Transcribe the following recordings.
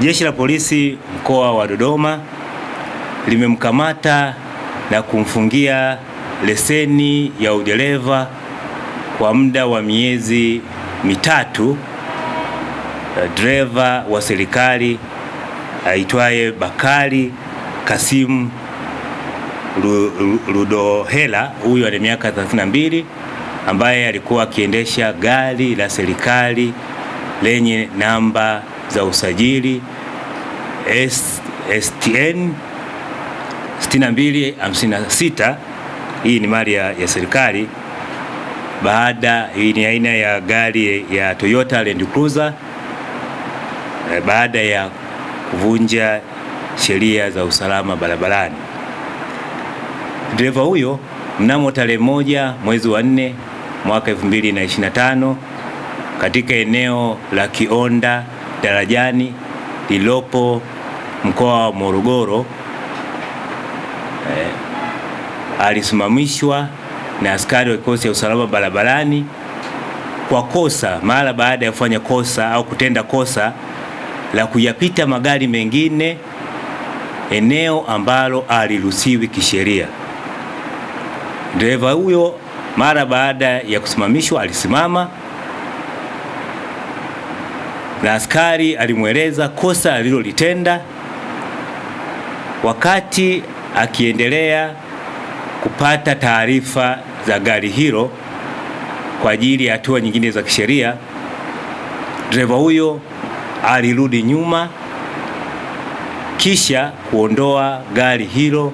Jeshi la Polisi mkoa wa Dodoma limemkamata na kumfungia leseni ya udereva kwa muda wa miezi mitatu eh, dereva wa serikali aitwaye Bakari Kasimu rudohela huyu ana miaka 32, ambaye alikuwa akiendesha gari la serikali lenye namba za usajili STN 6256. Hii ni mali ya, ya serikali baada, hii ni aina ya gari ya Toyota Land Cruiser e, baada ya kuvunja sheria za usalama barabarani. Dereva huyo mnamo tarehe moja mwezi wa nne mwaka 2025 katika eneo la Kionda Darajani lilopo mkoa wa Morogoro eh, alisimamishwa na askari wa kikosi cha usalama barabarani kwa kosa mara baada ya kufanya kosa au kutenda kosa la kuyapita magari mengine eneo ambalo aliruhusiwi kisheria. Dereva huyo mara baada ya kusimamishwa alisimama na askari alimweleza kosa alilolitenda wakati akiendelea kupata taarifa za gari hilo kwa ajili ya hatua nyingine za kisheria. Dereva huyo alirudi nyuma kisha kuondoa gari hilo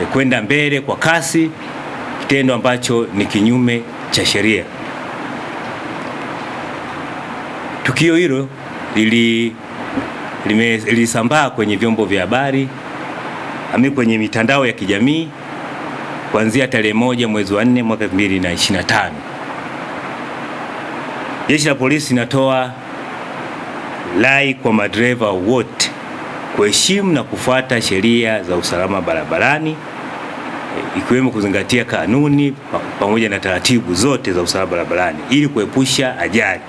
eh, kwenda mbele kwa kasi, kitendo ambacho ni kinyume cha sheria. Tukio hilo lili lilisambaa kwenye vyombo vya habari ami kwenye mitandao ya kijamii kuanzia tarehe moja mwezi wa nne mwaka 2025. Jeshi la polisi linatoa lai kwa madereva wote kuheshimu na kufuata sheria za usalama barabarani ikiwemo kuzingatia kanuni pamoja na taratibu zote za usalama barabarani ili kuepusha ajali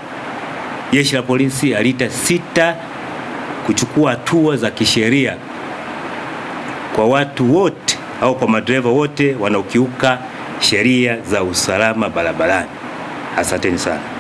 jeshi la polisi sita kuchukua hatua za kisheria kwa watu wote au kwa madereva wote wanaokiuka sheria za usalama barabarani. Asanteni sana.